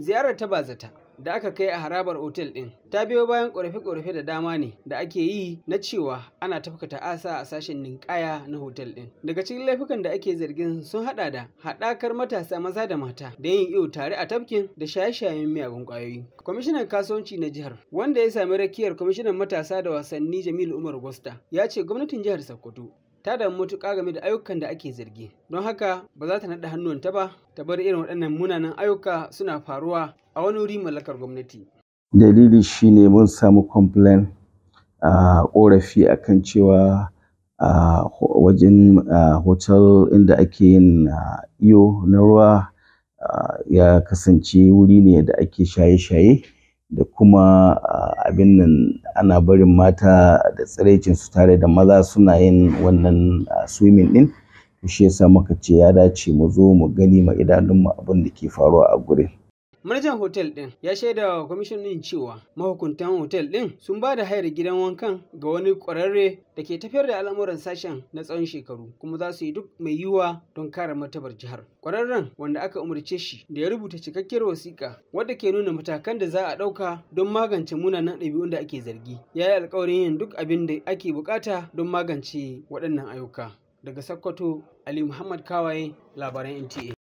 ziyarar ta bazata da aka kai a harabar otel ɗin ta biyo bayan ƙorafe-ƙorafe da dama ne da ake yi na cewa ana tafka ta'asa a sashen ninkaya na hotel ɗin daga cikin laifukan da ake zargin sun haɗa da haɗakar matasa maza da mata da yin iyo tare a tafkin da shaye-shayen miyagun ƙwayoyi kwamishinan kasuwanci na jihar wanda ya sami rakiyar kwamishinan matasa da wasanni jamilu umar gosta ya ce gwamnatin jihar sokoto ta damu matuƙa game da ayyukan da ake zargi don haka ba za ta naɗa hannuwanta ba ta bar irin waɗannan munanan ayyuka suna faruwa a wani wuri mallakar gwamnati dalili shine mun samu complain a ƙorafi akan cewa a wajen hotel inda ake yin iyo na ruwa ya kasance wuri ne da ake shaye-shaye da kuma abin nan ana barin mata da tsiraicin su tare da maza suna yin wannan swimming din shi yasa muka ce ya dace mu zo mu gani ma idanunmu abin da ke faruwa a gurin manajan hotel ɗin ya shaida wa kwamishinan cewa mahukuntan hotel ɗin sun ba da hayar gidan wankan ga wani ƙwararre da ke tafiyar da al'amuran sashen na tsawon shekaru kuma za su yi duk mai yiwuwa don kare martabar jihar ƙwararren wanda aka umarce shi da ya rubuta cikakkiyar wasiƙa wadda ke nuna matakan da za a ɗauka don magance munanan ɗabi'un da ake zargi ya yi alƙawarin yin duk abin da ake buƙata don magance waɗannan ayyuka daga Sokoto Ali Muhammad Kawaye labaran NTA.